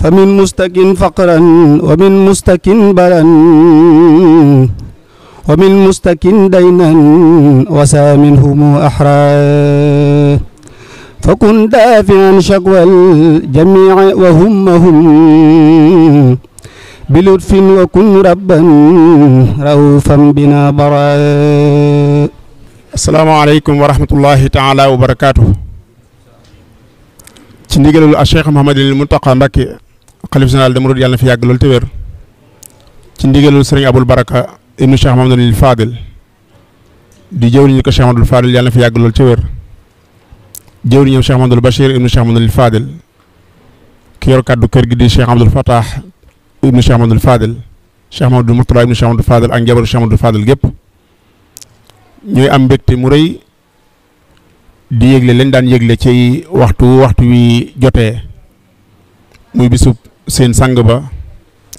fa min mustakin faqran wa min mustakin baran wa min mustakin daynan wa saa minhumu ahra fa kun daafian shakwal jamii wa hummahum bilutfin wa kun rabban raufan bina bara asalaamaaleykum wa rahmatullahi taala wa barakaatu ci ndigalul a Cheikh Mouhamadul Mountakha Mbacké xalif général de Mouride yàlla na fi yàgg loolu te ci ndigalul sëriñ Abul Baraka ibnu Cheikh Mamadou Fadil di jëwriñu ko Cheikh Mamadou Fadil yàlla na fi yàgg loolu te wér jëwriñam Cheikh Mamadou Bachir ibnu Cheikh Mamadou Fadil ki yor kàddu kër gi di Cheikh Mamadou Fatah ibnu Cheikh Mamadou Fadil Cheikh Mamadou Mourtala ibnu Cheikh ak njabaru Cheikh Mamadou Fadil gépp ñooy am mbégte mu rëy di yëgle leen daan yëgle ci waxtu waxtu wi jotee muy bisub seen sang ba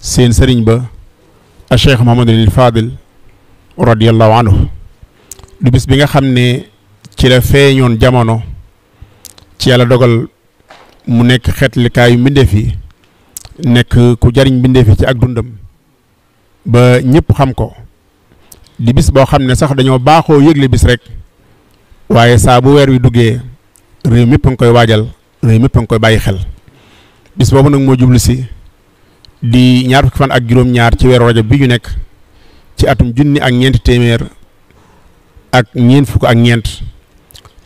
seen sëriñ ba a cheikh Mouhamadul Fadil radiyallahu anhu du bis bi nga xam ne ci la feeñoon jamono ci yàlla dogal mu nekk xeetlikaayu mbindeef yi nekk ku jariñ mbindeef yi ci ak dundam ba ñépp xam ko di bis boo xam ne sax dañoo baaxoo yëgle bis rek waaye saa bu weer wi duggee réew mépp nga koy waajal réew mépp nga koy bàyyi xel bis boobu nag moo jublu si di ñaar fukki fan ak juróom-ñaar ci weeru rajab bi ñu nekk ci atum junni ak ñeenti téeméer ak ñeent fukk ak ñeent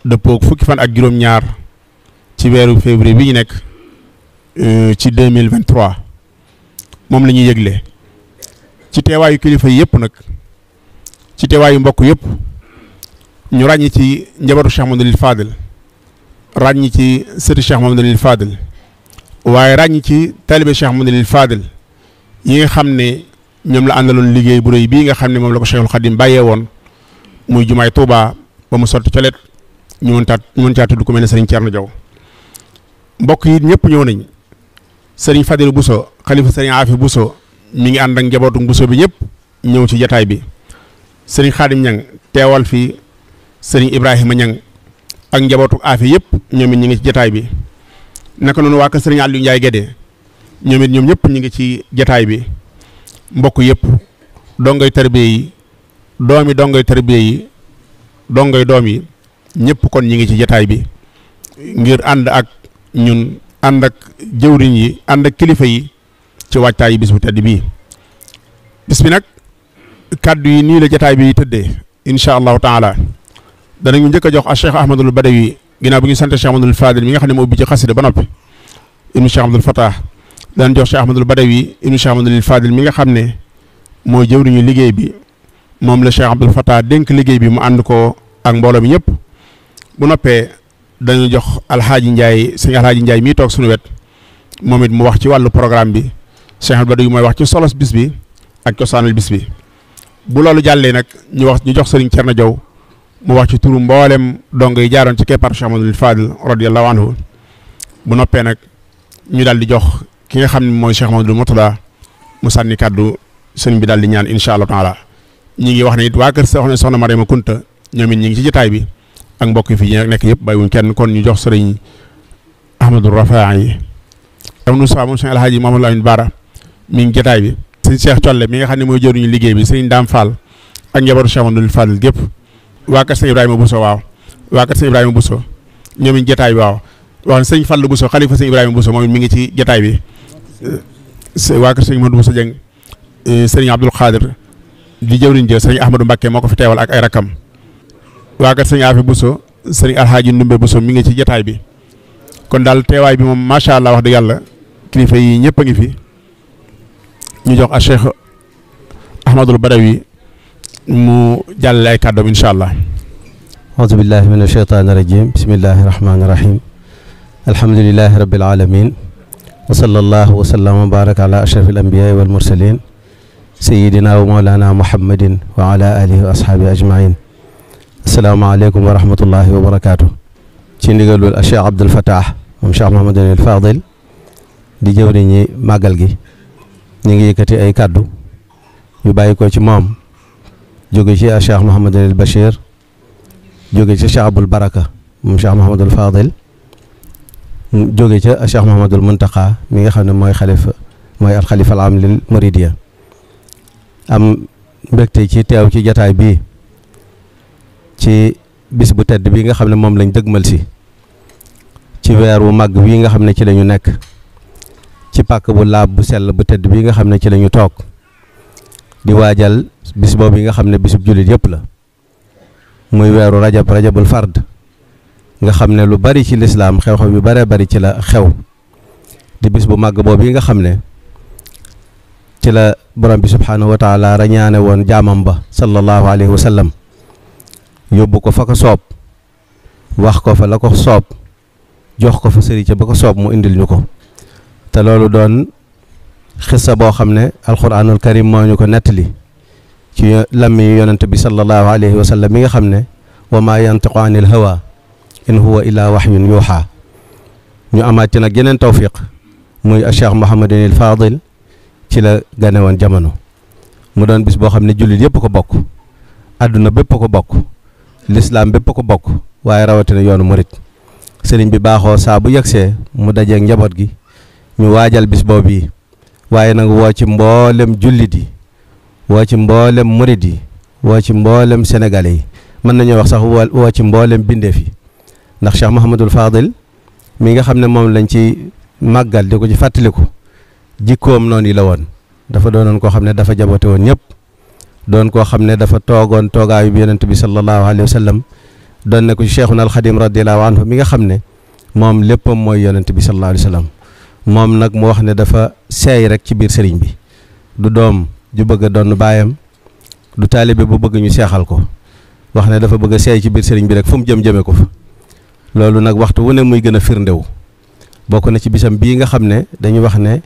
dëppook fukki fan ak juróom-ñaar ci weeru février bi ñu nekk euh, ci deux mille vingt moom lañuy ñuy yëgle ci teewaayu kilifa yëpp nag ci teewaayu mbokk yëpp ñu ràññi ci njabootu Cheikh Mamadou Lil ràññi ci sëti Cheikh Mamadou Lil waaye ràññ ci taalibe Cheikh Mouhamadoul Fadil yi nga xam ne ñoom la àndaloon liggéey bu rëy bii nga xam ne moom la ko Cheikhul Khadim bàyyee woon muy jumaay Touba ba mu sotti colet ñu mën taat ñu mën caa tudd ku mel ne Serigne Thierno Diaw mbokk yi ñëpp ñëw nañ Serigne Fadil Bousso xalifa Serigne Afi Bousso mi ngi ànd ak njabootu Bousso bi ñëpp ñëw ci jataay bi Serigne Khadim Niang teewal fi Serigne Ibrahima Niang ak njabootu Afi yëpp ñoom it ñu ngi ci jataay bi. nekk noonu waa kër sëriñ Aliou Ndiaye Guédé ñoom it ñoom ñëpp ñu ngi ci jataay bi mbokk yëpp dongoy tarbiya yi doomi dongoy tarbiya yi dongoy doom yi ñëpp kon ñu ngi ci jataay bi ngir ànd ak ñun ànd ak jëwriñ yi ànd ak kilifa yi ci wàccaayu bis bu tedd bii bis bi nag kàddu yi nii la jataay bi tëddee incha allahu taala danañu njëkk jox a Cheikh Ahmadul Badawi ginnaaw bi ñu sant Cheikh Ahmadul Fadil ne moo bi ci xasida ba noppi ibnu Cheikh Ahmadul Fatah daan jox Cheikh Ahmadul Badawi ibnu Cheikh Ahmadul Fadil mi nga xam ne moo jëwriñu liggéey bi moom la Cheikh Abdoul Fatah dénk liggéey bi mu ànd ko ak mbooloo mi ñëpp bu noppee dañu jox alxaaji Ndiaye sëñ alxaaji mii toog suñu wet moom it mu wax ci wàllu programme bi Cheikh Ahmadul Badawi mooy wax ci solos bis bi ak cosaanal bis bi bu loolu jàllee nag ñu wax ñu jox sëriñ na jow mu wax ci turu mboolem dong yi jaaroon ci keppar Cheikh Ahmadul Fadil radiyallahu anhu bu noppee nag ñu daal di jox ki nga xam ne mooy Cheikh Ahmadul Murtada mu sànni kàddu sëñ bi daal di ñaan incha allah taala ñu ngi wax ne it waa kër soxna soxna Mariama Kunta ñoom it ñu ngi ci jotaay bi ak mbokk yi fi ñu nekk yëpp bàyyiwuñ kenn kon ñu jox sëriñ Ahmadou Rafaay yi. am nu saa moom sëñ Alhaaji Mamadou Lamine Bara mi ngi jotaay bi. sëñ Cheikh Colle mi nga xam ne mooy jër ñu liggéey bi sëñ daam Fall ak njabootu Cheikh gépp waa kër sëñ Ibrahima Bousso waaw waa kër sëñ Ibrahima Bousso ñoom it bi waaw wax na sëñ Fallou Bousso xalifa sëñ ibrahim Bousso moom mi ngi ci jotaay bi waa kër sëñ Modou Bousso Dieng e, sëriñ Abdoul Khadir di jëwriñ ay rakam waa kër sëñ Afe mi ngi ci jotaay bi kon daal bi moom macha allah wax yàlla kilifa yi ñëpp a ngi fi ñu jox Ahmadul Badawi mu jàllale ay kàddoom incha allah auzu billahi min asheytaani rajim bismillahi rahmaani rahim alhamdulilahi rabbil alamin wa sallallahu wa sallam wa baraka ala gi ñu ay kàddu yu bàyyi ko ci moom jóge ci Cheikh Mouhamadul Bachir jóge ci Cheikh Abul Baraka moom Cheikh Mouhamadul Fadil ca Cheikh Mouhamadul mi nga xam ne mooy xalifa mooy al xalifa am lil Muridiya am ci teew ci jataay bi ci bis bu tedd bi nga xam ne moom lañ dëgmal si ci weer bu màgg bii nga xam ne ci lañu nekk ci pàkk bu laab bu sell bu tedd bii nga xam ne ci lañu toog di waajal bis boobu yi nga xam ne bisub jullit yëpp la muy weeru rajab rajabul fard nga xam ne lu bari ci lislaam xew-xew yu baree bari ci la xew di bis bu màgg boobu yi nga xam ne ci la borom bi subhaanahu wa taala rañaane woon jaamam ba sallallahu alayhi wa yóbbu ko fa ko soob wax ko fa la ko soob jox ko fa sëri ca ba ko soob mu indil ñu ko te loolu doon xissa boo xam ne alquranul karim moo ñu ko nettali ci lammi yonent bi sallallahu alayhi wa sallam mi nga xam ne wa maa yantiqu anil hawa in huwa illaa waxyun yuuxaa ñu amaat ci nag yeneen tawfiq muy cheikh Mouhamadin il Fadil ci la gane woon jamono mu doon bis boo xam ne jullit yëpp ko bokk àdduna bépp ko bokk lislaam bépp ko bokk waaye rawatina yoonu murit sëriñ bi baaxoo saa bu yegsee mu dajeeg njaboot gi ñu waajal bis boobu yi waaye nag woo ci mboolem jullit yi woo ci mbooleem murid yi woo ci mbooleem sénégalais yi mën nañoo wax sax woo ci mbooleem bindeef yi ndax Cheikh Mouhamadul Fadil mi nga xam ne moom lañ ci màggal ko ci fàttaliku jikkoom noonu yi la woon dafa doonoon koo xam ne dafa jaboote woon ñëpp doon koo xam ne dafa toogoon toogaayu bi yonent bi sallallahu alayhi wa sallam doon ne ko ci Cheikhuna al Xadim radiyallahu anhu mi nga xam ne moom léppam mooy yonent bi sallallahu alayhi wa sallam moom nag mu wax ne dafa seey rek ci biir sëriñ bi du doom. ju bëgg a doon baayam du taalibe bu bëgg ñu seexal ko wax ne dafa bëgg a seey ci biir sëriñ bi rek fu mu jëm jëme ko fa loolu nag waxtu wu ne muy gën a firndewu bokk na ci bisam bii nga xam ne dañuy wax ne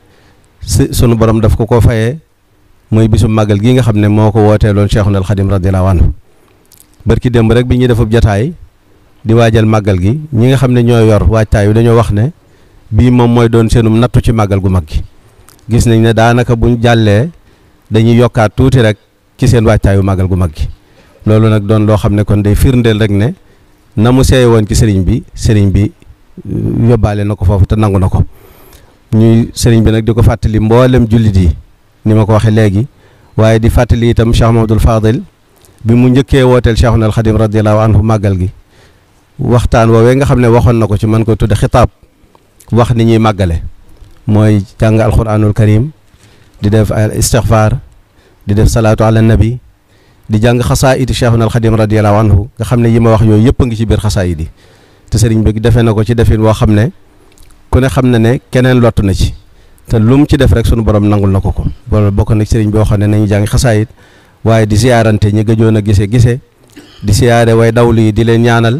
sunu borom daf ko ko fayee muy bisum màggal gi nga xam ne moo ko wooteeloon Cheikhul Khadim radiyallahu anhu barki démb rek bi ñu defub jataay di waajal màggal gi ñi nga xam ne ñoo yor waajtaay dañoo wax ne bii moom mooy doon seenum nattu ci màggal gu mag gi gis nañ ne daanaka buñ jàllee dañuy yokkaat tuuti rek ci seen wàccaayu màggal gu mag gi loolu nag doon loo xam ne kon day firndeel rek ne na mu seey woon ci sëriñ bi sëriñ bi euh, yóbbaale na ko foofu te nangu na ko ñuy sëriñ bi nag di ko fàttali mboolem jullit yi ni ma ko waxee léegi waaye di fàttali itam Cheikh Mamadul Fadil bi mu njëkkee wooteel Cheikhuna al Xadim radiyallahu anhu màggal gi waxtaan woowee nga xam ne waxoon na ko ci man koy tudde xitaab wax ni ñuy màggale mooy jàng alquranul karim di def al istixfaar di def salaatu ala nabi di jàng xasaayidi Cheikhuna al Xadim radiyallahu anhu nga xam ne yi ma wax yooyu yëpp a ngi ci biir xasaayidi te sëriñ bi defee na ko ci defin woo xam ne ku ne xam na ne keneen lottu na ci te lu mu ci def rek sunu borom nangul na ko ko loolu bokk nag sëriñ bi waxoon ne nañu jàng xasaayid waaye di siyaarante ñi gëjoon a gise gise di siyaare way dawlu yi di leen ñaanal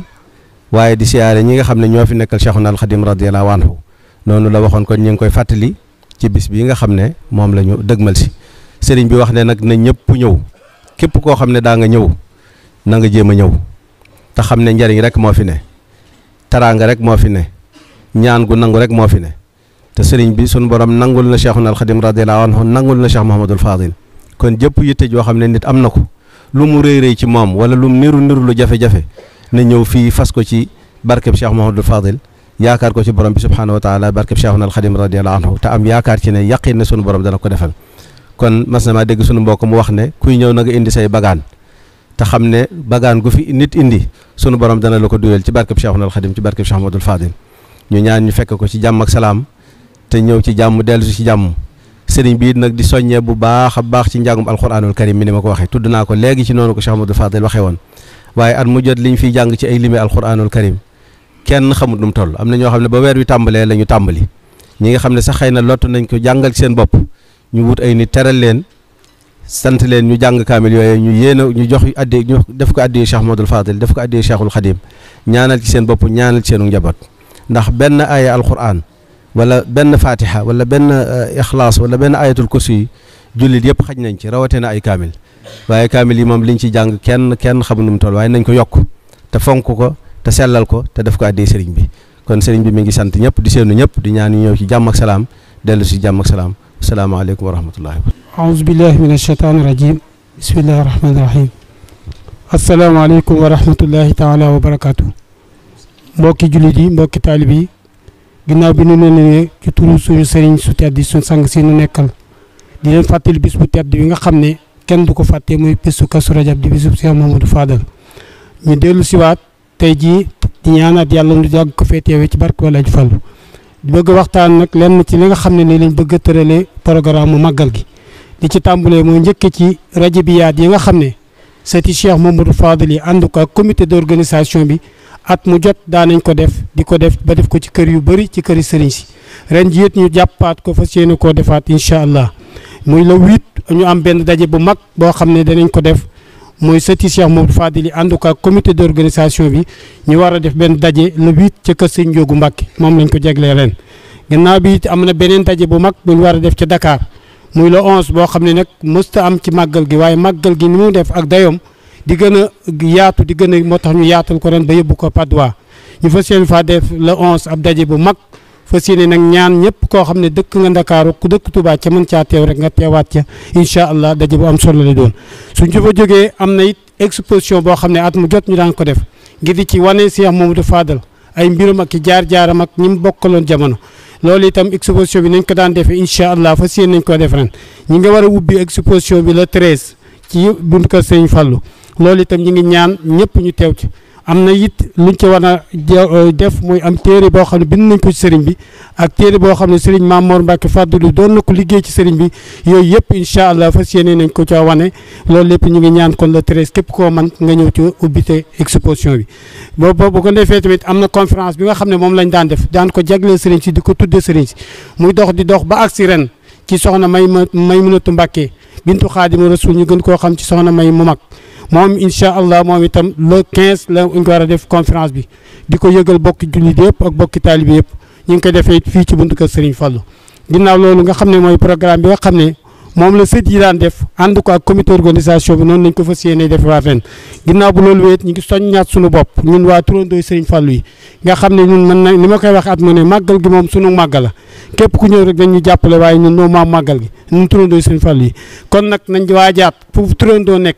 waaye di siyaare ñi nga xam ne ñoo fi nekkal Cheikhuna al Xadim radiyallahu anhu noonu la waxoon kon ñu ngi koy fàttali ci bis bi nga xam ne moom la ñu dëgmal si sëriñ bi wax ne nag na ñëpp ñëw képp koo xam ne daa nga ñëw na nga jéem a ñëw te xam ne njariñ rek moo fi ne taraanga rek moo fi ne ñaan gu nangu rek moo fi ne te sëriñ bi sunu borom nangul na Cheikhuna al Khadim radiyallahu anhu nangul na Cheikh Mahamadul Fadil kon jëpp yitte joo xam ne nit am na ko lu mu rëy rëy ci moom wala lu mu niru niru lu jafe-jafe na ñëw fii fas ko ci barkeb Cheikh Mahamadul Fadil yaakaar ko ci borom bi subhaanahu wa taala barkeb Cheikhuna al Xadim radiyallahu anhu te am yaakaar ci ne yaqin ne sunu borom dana ko defal kon mas na dégg sunu mbokk mu wax ne kuy ñëw na nga indi say bagaan te xam ne bagaan gu fi nit indi sunu borom dana la ko duyal ci barkeb Cheikhuna al Xadim ci barkeb Cheikh Ahmadul Fadil ñu ñaan ñu fekk ko ci jàmm ak salaam te ñëw ci jàmm dellusi ci jàmm sëriñ bi nag di soññee bu baax a baax ci njàngum alxuraanul karim mi waxee tudd naa ko léegi ci noonu ko Cheikh Ahmadul Fadil waxee woon ci ay limi alxuraanul karim kenn xamut nu mu toll am na ñoo xam ne ba weer wi tàmbalee la ñu tàmbali ñi nga xam ne sax xëy na lott nañ ko jàngal seen bopp ñu wut ay nit teral leen sant leen ñu jàng kaamil yooyu ñu yéen a ñu jox addi ñu def ko addi Cheikh Modou Fadil def ko addi Cheikhul Khadim ñaanal ci seen bopp ñaanal ci seenu njaboot ndax benn aaya alquran wala benn fatiha wala benn eh, ixlaas wala benn ayatul kursi yi jullit yëpp xaj nañ ci rawatina ay kaamil waaye kaamil yi moom liñ ci jàng kenn kenn xamu nu mu toll waaye nañ ko yokk te sellal ko te def ko addee sëriñ bi kon sëriñ bi mi ngi sant ñëpp di seenu ñëpp di ñaan ñëw ci jàmm ak salaam dellu si jàmm ak salaam asalaamaaleykum wa rahmatullahi aouzu billahi min ashaytaani rajim bismillahi rahmaani rahim asalaamaaleykum wa rahmatullahi taala wa barakaatu mbokki jullit yi mbokki taalib yi ginnaaw bi nu ne ci turu suñu sëriñ su tedd yi suñu sang si nu nekkal di fàttali bis bu tedd bi nga xam ne kenn du ko fàtte muy bisu kasu rajab di bisu Cheikh Mamadou Fadal ñu dellu siwaat tey jii di ñaanaat yàlla nu jàgg ko fee teewee ci barke wala ñu fàllu bëgg waxtaan nag lenn ci li nga xam ne nii lañ bëgg a tëralee programme mu màggal gi di ci tàmbalee mooy njëkk ci rajabiyaat yi nga xam ne sëti Cheikh Mamadou Fadil yi ànd ko ak comité d'organisation bi at mu jot daanañ ko def di ko def ba def ko ci kër yu bëri ci këri sëriñ si ren ji it ñu jàppaat ko fa yéene koo defaat incha allah muy le huit ñu am benn daje bu mag boo xam ne danañ ko def mooy sëti Cheikh Modou Fadil yi ànd ak comité d' organisation bi ñu war a def benn daje le huit ca kër sëñ Njóogu Mbàkke moom lañ ko jeglee reen gannaaw bi it am na beneen daje bu mag bu war a def ca dakaar muy le once boo xam ne nag mësta am ci màggal gi waaye màggal gi ni mu def ak dayoom di gën a yaatu di gën moo tax ñu yaatal ko reen ba yóbbu ko Padois ñu fa seen faa def le onze ab daje bu mag fas yéene nag ñaan ñëpp koo xam ne dëkk nga ndakaaru ku dëkk Touba ca mën caa teew rek nga teewaat ca incha allah daje bu am solo la doon suñ ci fa jógee am na it exposition boo xam ne at mu jot ñu daan ko def ngi di ci wane si moom Mamadou faadal ay mbirum ak i jaar-jaaram ak ñi mu bokkaloon jamono loolu itam exposition bi nañ ko daan defee incha allah fas yéene nañ koo def ren ñi nga war a ubbi exposition bi le 13 ci buntu kër Sëñ Fallou loolu itam ñi ngi ñaan ñëpp ñu teew ci am na it lu ñu ci war a euh, def muy am téere boo xam ne bind nañ ko ci sëriñ bi ak téere boo xam ne sëriñ Mamour Mbacke du doon na ko liggéey ci sëriñ bi yooyu yëpp incha allah fas yéene nañ ko ca wane loolu lépp ñu ngi ñaan kon la treize képp koo man nga ñëw ci ubbite exposition bi boobu gën ko defee tamit am na conférence bi nga xam ne moom lañ daan def daan ko jagleel sëriñ si di ko tuddee sëriñ si muy dox di dox ba si ren ci soxna may ma may Maymunatu Mbacke bintu Xaadimu Rasul ñu gën koo xam ci soxna may mu mag moom incha allah moom itam le 15 la ñu ko bi di ko yëgal bokki jullit yëpp ak bokki taalibe yëpp ñu ngi koy defee fii ci buntu kër Serigne Fallou ginnaaw loolu nga xam ne mooy programme bi nga xam ne moom la sët yi daan def ànd ko ak bi noonu lañ ko fas yéene defewaat ren ginnaaw bu bopp ñun waa turandooy Serigne yi nga xam ne ñun mën na li ma koy wax at mu ne màggal gi moom sunu màggal la képp ku ñëw rek dañ jàppale waaye ñun noo maam màggal gi ñun turandooy Serigne Fallou yi kon nag nañ waajaat fu turandoo nekk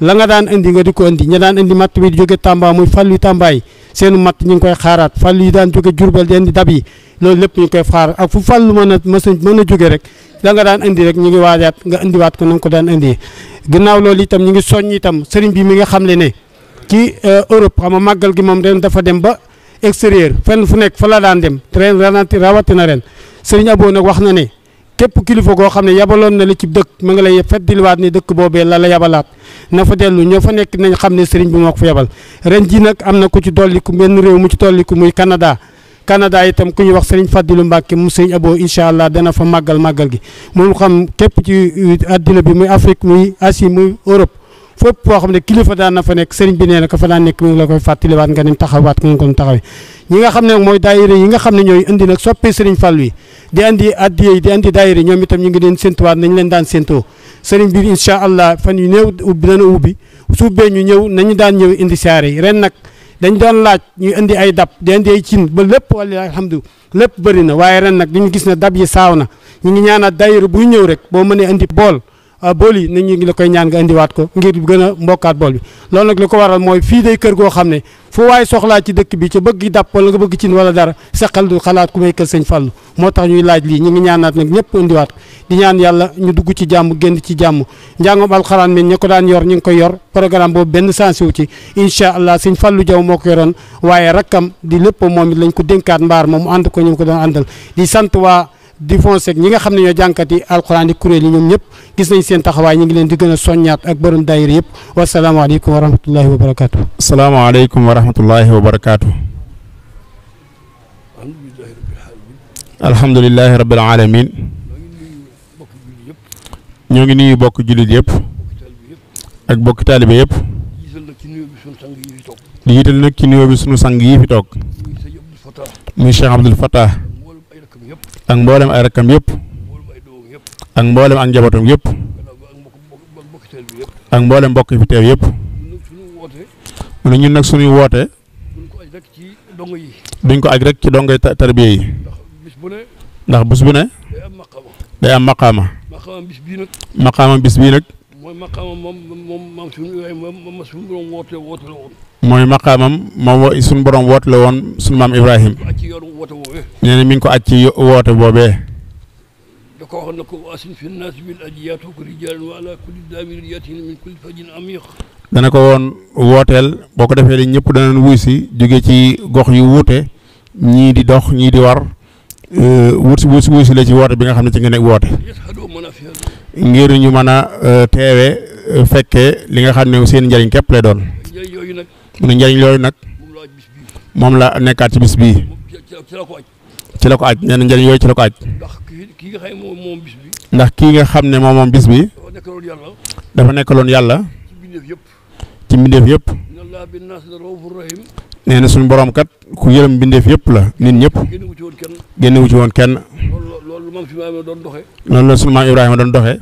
la nga daan indi nga di ko indi ña daan indi matt bi di jóge Tamba muy fàllu Tambaay seenu matt ñu ngi koy xaaraat fàllu yi daan jóge Jurbel di indi dab yi loolu lépp ñu ngi koy xaar ak fu fàllu mën a mës a mën a jóge rek la nga daan indi rek ñu ngi waajaat nga indiwaat ko na nga ko daan indi ginnaaw loolu itam ñu ngi soññ itam sëriñ bi mi nga xam le ne ci euh, Europe xam nga màggal gi moom ren dafa dem ba extérieur fenn fu nekk fa la daan dem ren rawatina ren sëriñ Abo nag wax na ne képp kilifa koo xam ne yabaloon na li ci dëkk ma nga lay feddiliwaat ni dëkk boobee la la yabalaat na fa dellu ñoo fa nekk nañ xam ne sëriñ bi moo ko fa yabal ren ji nag am na ku ci dolliku benn réew mu ci dolliku muy Canada Canada itam ku ñuy wax sëriñ Fadilu Mbàkke mu sëriñ aboo incha allah dana fa màggal màggal gi moom xam képp ci euh, àddina bi muy Afrique muy Asie muy Europe fépp koo xam ne kilifa daan na fa nekk sëriñ bi nee na ko fa daan nekk mi ngi la koy fàttaliwaat nga nim taxawaat nga ko taxawee ñi nga xam ne mooy xam ne ñooy indi nag soppee sëriñ Fall wi di andi addiya yi ñoom itam ñu ngi leen séntuwaat nañ leen daan séntoo sëriñ bi incha allah fan yu néew ubbi dana ubbi suubbee ñu ñëw nañu daan ñëw indi saare yi ren nag dañ daan laaj ñu indi ay dab di indi ay cin ba lépp wala alhamdulilah lépp bëri na waaye ren nag dañu gis ne dab yi saaw na ñu ngi ñaanal daayira buy ñëw rek boo mënee indi bool Ah, bool yi nit ñi ngi la koy ñaan nga indiwaat ko ngir gën a mbokkaat bool bi loolu nag li ko waral mooy fii day kër goo xam ne fu waaye soxlaa ci dëkk bi ci bëgg gi dàpp wala nga bëgg cin wala dara sa xel du xalaat ku may kër sëñ Fallou moo tax ñuy laaj lii ñu ngi ñaanaat nag ñëpp indiwaat di ñaan yàlla ñu dugg ci jàmm génn ci jàmm njàngom alxaraan mi ña ko daan yor ñu ngi koy yor programme boobu benn sens wu ci incha allah sëñ Fallou Diaw moo ko yoroon waaye rakkam di lépp moom it lañ ko dénkaat mbaar moom mu ànd ko ñu ko doon àndal di fonse ak ñi nga xam ne ñoo jànkat yi alxuraan yi kuréel yi ñoom ñëpp gis nañ seen taxawaay ñu ngi leen di gën a soññaat ak borom daayira yëpp wasalaamaaleykum wa rahmatullahi wa barakaatu. salaamaaleykum wa rahmatullahi wa barakaatu. alamin ñoo ngi nuyu bokk jullit yëpp ak bokk taalibe yëpp di jiital nag ci nuyoo bi sunu sang yi fi toog muy Cheikh Abdoul Fattah ak mboolem ay rakkam yëpp ak mboolem ak njabootam yëpp ak mboolem mbokk yi fi teew yëpp mu ne ñun nag suñuy woote duñ ko aj rek ci dongoy tarbiya yi ndax bés bu ne day am maqaama maqaama bis bii nag mooy maqaama moom moom maam suñu maam suñu borom woote woote mooy maqaamam moom suñ borom woote la woon suñ maam Ibrahim nee na ci woote boobee. da ko waxoon ko waasin fi naas bil ajiyaatu ko rijaalan wa ala kulli daamirin dana ko woon wooteel boo ko defee li ñëpp danañ wuy si jóge ci gox yu wuute ñii di dox ñii di war euh, wut si wuy si la ci woote bi nga xam ne ci nga nekk woote ngir ñu mën a euh, teewe euh, fekkee li nga xam ne seen njëriñ képp lay doon mu ne njëriñ loolu nag moom la nekkaat ci bis bii ci la ko aj nee na njëriñ yooyu ci la ko aj ndax kii nga xam ne moom moom bis bi dafa nekkaloon yàlla ci mbindeef yëpp nee na suñu boroom kat ku yërëm mbindeef yëpp la nit ñëpp génne wu ci woon kenn loolu la suñu maam Ibrahima doon doxe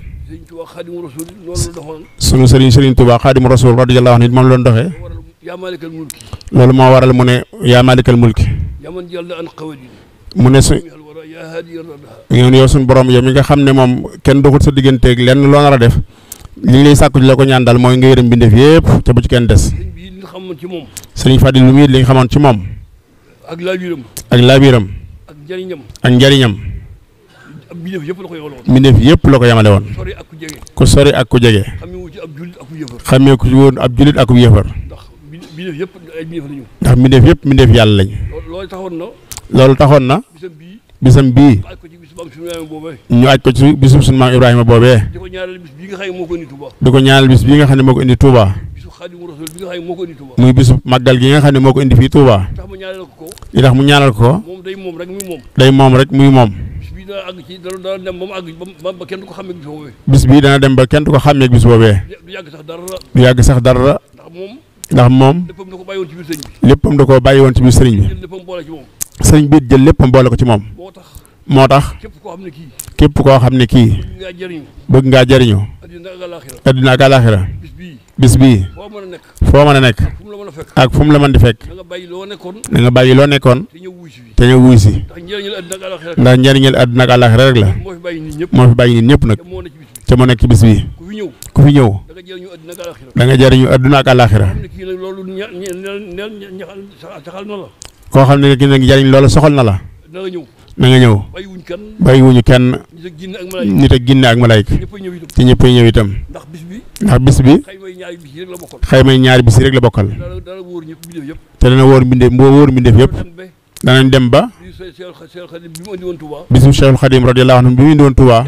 suñu sëriñ sëriñ Tuubaa Xaadimu Rasuul radiyallaahu anhu moom la doon yaa maalikal mulki loolu moo waral mu ne yaa maalikal mulki yaman jalla an xawalin mu ne su ñoon yow suñu borom yow mi nga xam ne moom kenn doxul sa digganteeg lenn loo nar a def li ñu lay sàkku ci la ko ñaan daal mooy nga yërëm bindeef yëpp ca bu ci kenn des sëriñ Fadil lu muy li nga xamoon ci moom ak laabiram ak laabiram ak njariñam ak njariñam mbindeef yëpp la ko yamale woon ku sori ak ku jege xamee ku woon ab julit ak ku yëfar mbindeef yëpp ay mbindeef lañu. ndax mbindeef yëpp mbindeef yàlla lañu. loolu taxoon na. loolu taxoon na. bisam bii. bisam bii. ñu aj ko ci bisub suñu maam Ibrahima boobee. di ko ñaanal bis bii nga xam ne moo ko indi Touba. muy bisu màggal gi nga xam ne moo ko indi fii Touba. li tax mu ñaanal ko. day moom rek muy moom. bis bii dana dem ba kenn du ko xàmmeeg bis boobee. du yàgg sax dara. ndax moom léppam da koo bàyyi woon ci biir sëriñ bi sëriñ bi jël léppam boole ko ci moom moo tax képp koo xam ne kii bëgg ngaa jëriñu addina ak alaxira bis bii foo mën a nekk ak fu mu la mën di fekk da nga bàyyi loo nekkoon te ñëw wuy si ndax njëriñal addina ak alaxira rek la moo fi bàyyi nit ñëpp nag te moo nekk ci bis bii fi ñëw ku fi ñëw da nga jëriñu adduna ak àlaxira koo xam ne kii nag jëriñ loola soxal na la na nga ñëw bàyyiwuñu kenn nit ak ginne ak malaayik ci ñëppay ñëw itam ndax bis bi xaymay ñaari bis yi rek la bokkal te dana wóor mbindeef mboo wóor mbindeef yëpp danañ dem ba bisum Cheikhul Xadim radiyallahu anhu bi mu indi woon Touba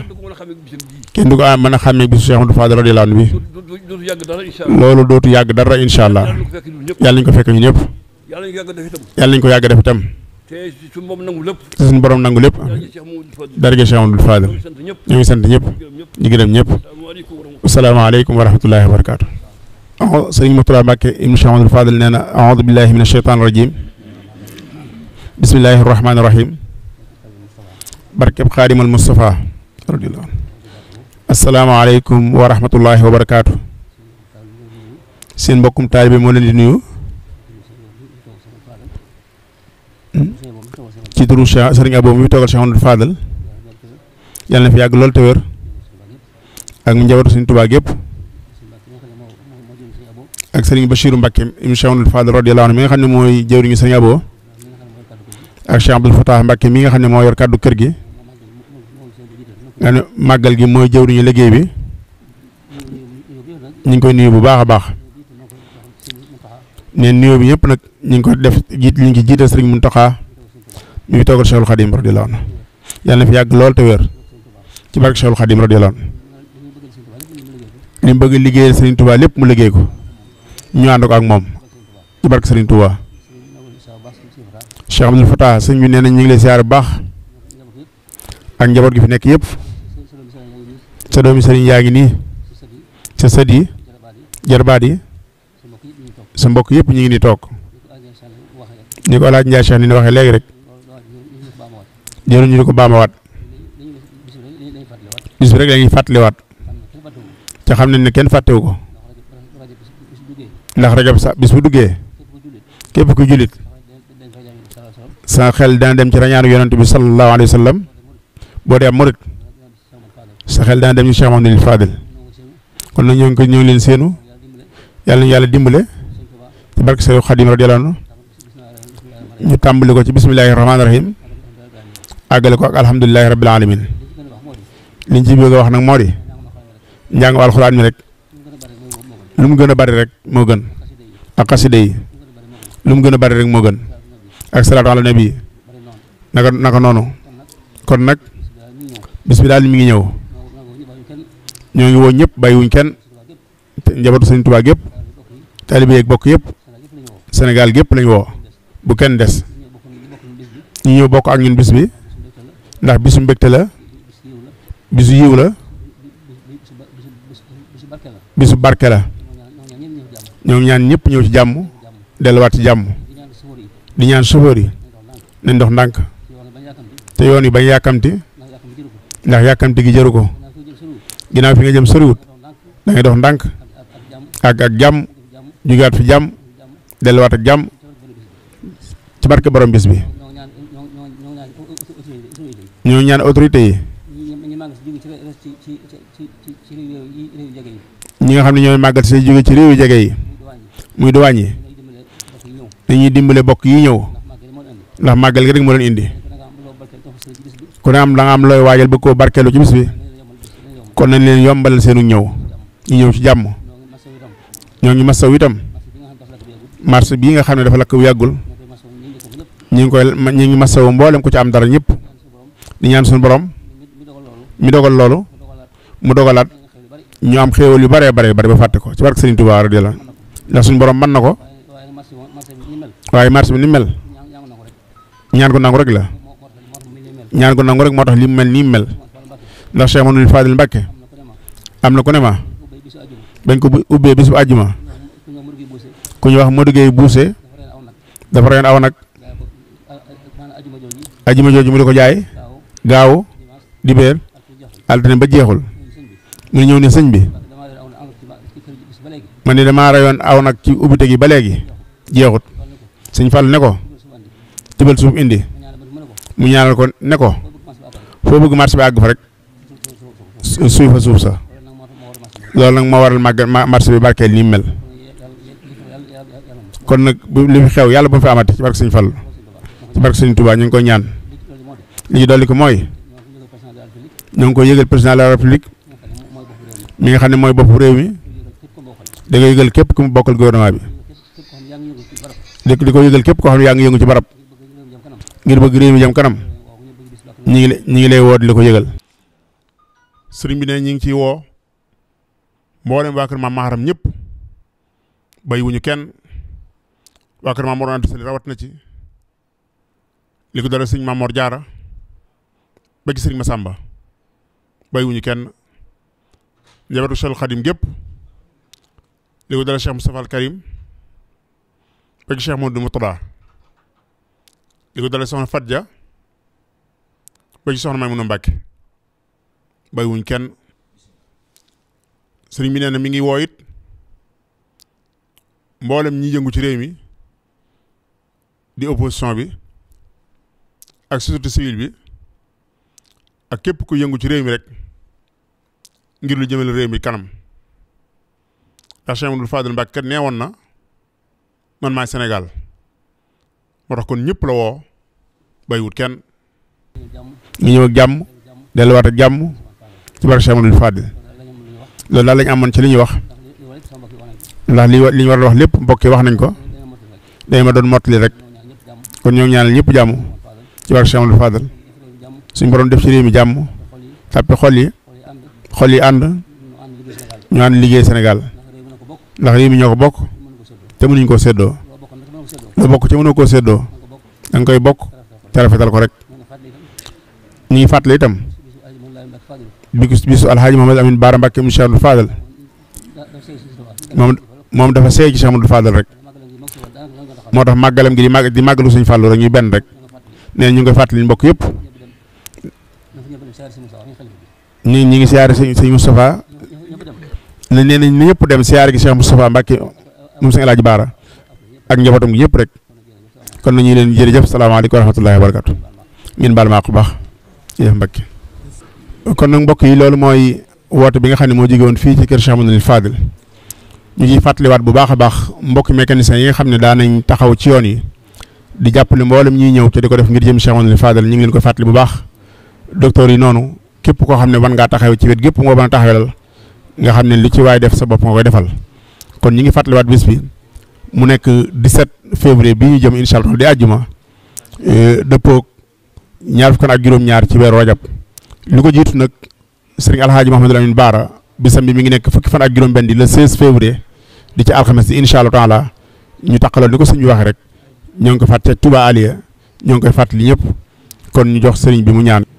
kenn du ko ah, mën a xàmmee bisu Cheikh Amadou Fadal radiyallahu anhu bi loolu dootu yàgg dara incha allah yàlla nañ ko fekkee ñu ñëpp yàlla nañ ko yàgg def itam te suñu borom nangu lépp darge Cheikh Amadou Fadal ñu ngi sant ñëpp ñu gërëm ñëpp asalaamaaleykum wa rahmatullahi wa barakaatu sëriñ Mourtada Mbacke ibnu Cheikh Amadou Fadal nee na aoudu billahi min asheytan rajim bismillahi rahmaani rahim barkeb xaadimal Moustapha radiyallahu asalaamaaleykum wa rahmatullahi wa seen mbokkum taalibe moo leen di nuyu. ci turu Cheikh Serigne Abou mi toogal Cheikh Amadou Fadal. yàlla na fi yàgg lool te ak njabootu Serigne Touba gépp ak Serigne Bachirou Mbacké im Cheikh Amadou Fadal radiyallahu anhu mi nga xam ne mooy jëwriñu Serigne Abou. ak Cheikh Abdoul Fatah Mbacké mi nga xam ne moo yor kàddu kër gi. nga ne màggal gi mooy jëwriñu liggéey bi ñu ngi koy nuyu bu baax a baax neen nuyoo bi ñëpp nag ñu ngi ko def jiit ñu ngi ci jiital sëriñ Muntaxa ñu ngi toogal Cheikhul Khadim yàlla na fi yàgg lool te wér ci barke Cheikhul Khadim radiyallahu anhu li mu bëgg liggéeyal sëriñ Touba lépp mu liggéey ko ñu ànd ko ak moom ci barke sëriñ Touba Cheikh Abdoul Fatah sëñ bi nee na ñu ngi lay siyaar bu baax ak njaboot gi fi nekk yëpp sa doomi sëriñ yaa ngi nii sa sët yi jarbaat yi sa mbokk yëpp ñu ngi ni toog ni ko alaaj Njaay Cheikh ni waxee léegi rek jëruñu di ko baamawaat bis bi rek la ñuy fàttaliwaat te xam nañ ne kenn fàttewu ko ndax rajab sa bis bu duggee képp ku jullit sa xel dana dem ci rañaanu yonent bi sallallahu alayhi boo dee am murit sa xel dana dem ñu seenu yàlla ñu yàlla dimbale ci barke Sëriñ Xadim radiyallahu ñu tàmbali ko ci bismillahi rahmaani rahim àggale ko ak alhamdulilahi rabbil alamin liñ ci bëgg a wax nag moo di njàng alxuraan mi rek lu mu gën a bari rek moo gën ak xaside yi lu mu gën a bari rek moo gën ak salaatu ala nabi naka naka noonu kon nag bismillah mi ngi ñëw ñoo ngi woo ñëpp bàyyiwuñ kenn njabootu sëñ Tuubaa gépp taalibe bokk yëpp Sénégal gépp lañ woo bu kenn des ñu ñëw bokk ak ñun bis bi ndax bisu mbégte la bisu yiw la bisu barke la ñoo ngi ñaan ñëpp ñëw ci jàmm delluwaat ci jàmm di ñaan chauffeur yi nañ dox ndànk te yoon yi bañ yàkkamti ndax yàkkamti gi jëru ko ginnaaw fi nga jëm soriwut da ngay dox ndànk ak ak jàmm jugaat fi jàmm delluwaat ak jàmm ci barke borom bis bi ñoo ñaan autorité yi ñi nga xam ne ñooy màggat si jóge ci réew yu jege yi muy duwaañ yi dañuy dimbale bokk yi ñëw ndax màggal gi rek moo leen indi ku am da nga looy waajal bëgg koo barkeelu ci bis bi kon nañ leen yombalal seenu ñëw ñu ñëw ci jàmm ñoo ngi masaw itam marché bii nga xam ne dafa lakk bu yàggul ñu ngi koy ñu ngi masawu mboolem ko ci am dara ñëpp di ñaan suñu borom mi dogal loolu mu dogalaat ñu am xéewal yu bare bare ba fàtte ko ci barke Sëriñ Tuubaa radiyallaahu ndax suñu borom mën na ko waaye marché bi ni mel ñaan ko nangu rek la ñaan ko nangu rek moo tax li mel nii mel. ndax Cheikh Mamadou Fadil Mbacke am na ku ne ma bañ ko ubbee bis bu àjjuma ku ñu wax Modou Gueye Bousse dafa reen aw nag àjjuma jooju mu di ko jaay gaaw dibeer altine ba jeexul mu ñëw ne sëñ bi man ni damaa rayoon aw nag ci ubbite gi ba léegi jeexut sëñ Fall ne ko tibal suuf indi mu ñaanal ko ne ko foo bëgg marché bi àgg fa rek. suufa suuf sa loolu nag moo waral màgg marché bi barkeel ni mel kon nag bu li fi xew yàlla bu mu fi amati ci barke Sëñ Fall ci barke Sëñ Touba ñu ngi koy ñaan li ñu dolli ko mooy ñoo ngi koy yëgal président de la république mi nga xam ne mooy boppu réew mi da ngay képp ku mu bokkal gouvernement bi di di ko yëgal képp koo xam ne yaa ngi yëngu ci barab ngir bëgg réew mi jëm kanam ñi ngi lay ñi ngi lay woo la ko yëgal. sëriñ bi ne ñu ngi ciy woo mboolem waa kër maam Maharam ñëpp bàyyiwuñu kenn waa kër maam Mor Anta Sali rawat na ci li ko dara sëriñ maam Mor Jaara ba ci sëriñ Masamba bàyyiwuñu kenn njabootu Cheikh Khadim gépp li ko dara Cheikh Moustapha al Karim ba ci Cheikh Modou Mourtada li ko dara soxna Fadja ba ci soxna Maymuna Mbàkke bàyyiwuñ kenn sëriñ bi nee mi ngi woo mboolem ñi yëngu ci réew mi di opposition bi ak société civile bi ak képp ku yëngu ci réew mi rek ngir lu jëmale réew mi kanam ndax Cheikh Amadou Fadel Mbacke kat nee woon na man maay Sénégal moo tax kon ñëpp la woo bàyyiwut kenn. ñu ñëw ak jàmm delluwaat ak jàmm. ci barke Cheikh Amadou Fadil loolu daal lañ amoon ci li ñuy wax ndax li li ñu war a wax lépp mbokk yi wax nañ ko dañ ma doon mottali rek kon ñoo ngi ñaanal ñëpp jàmm ci barke Cheikh Amadou Fadil suñu borom def ci réew mi jàmm tàppi xol yi xol yi ànd ñu ànd liggéey Sénégal ndax réew mi ñoo ko bokk te mënuñ koo séddoo loo bokk ci mënoo koo séddoo da koy bokk te rafetal ko rek ñu ngi fàttali itam. bi bisu alxaaji Mamadou Amin Baara Mbàkke mu Cheikh Abdou moom moom dafa seey ci Cheikh Abdou Fadal rek moo tax màggalam gi di màgg di màggalu suñu fàllu rek ñu benn rek nee ñu ngi fàttali mbokk yëpp ñi ñi ngi siyaare sëñ sëñ Moustapha ne nee nañ ñëpp dem siyaare gi Cheikh Moustapha Mbàkke moom sëñ alxaaji Baara ak njabootam gi yëpp rek kon nañu leen jërëjëf salaamaaleykum wa rahmatullahi wa barakatu ngeen baal maa ko baax jërëjëf Mbàkke kon nag mbokk yi loolu mooy woote bi nga xam ne moo jóge fii ci kër Cheikh Mouhamadoul Fadel ñu ngi fàttaliwaat bu baax a baax mbokki mécaniciens yi nga xam ne daan nañ taxaw ci yoon yi di jàppale mboolem ñuy ñëw te di ko def ngir jëm Cheikh Mouhamadoul Fadel ñu ngi leen ko fàttali bu baax docteur yi noonu képp koo xam ne wan ngaa taxaw ci wet gépp nga mën a taxawelal nga xam ne lu ci waay def sa bopp nga koy defal kon ñu ngi fàttaliwaat bis bi mu nekk set février bi ñu jëm incha allah di àjjuma eh, dëppoo ñaar fukk ci weeru rajab lu ko jiitu nag sëriñ Alhaaji Mahamadul Amin Baara bisam bi mi ngi nekk fukki fan ak juróom-benn di le 16 février di ci alxames yi incha allah taala ñu taqaloo ni ko sëñ bi waxee rek ñoo ngi ko fàtte Touba Aliya ñoo ngi koy fàttali ñëpp kon ñu jox sëriñ bi mu ñaan.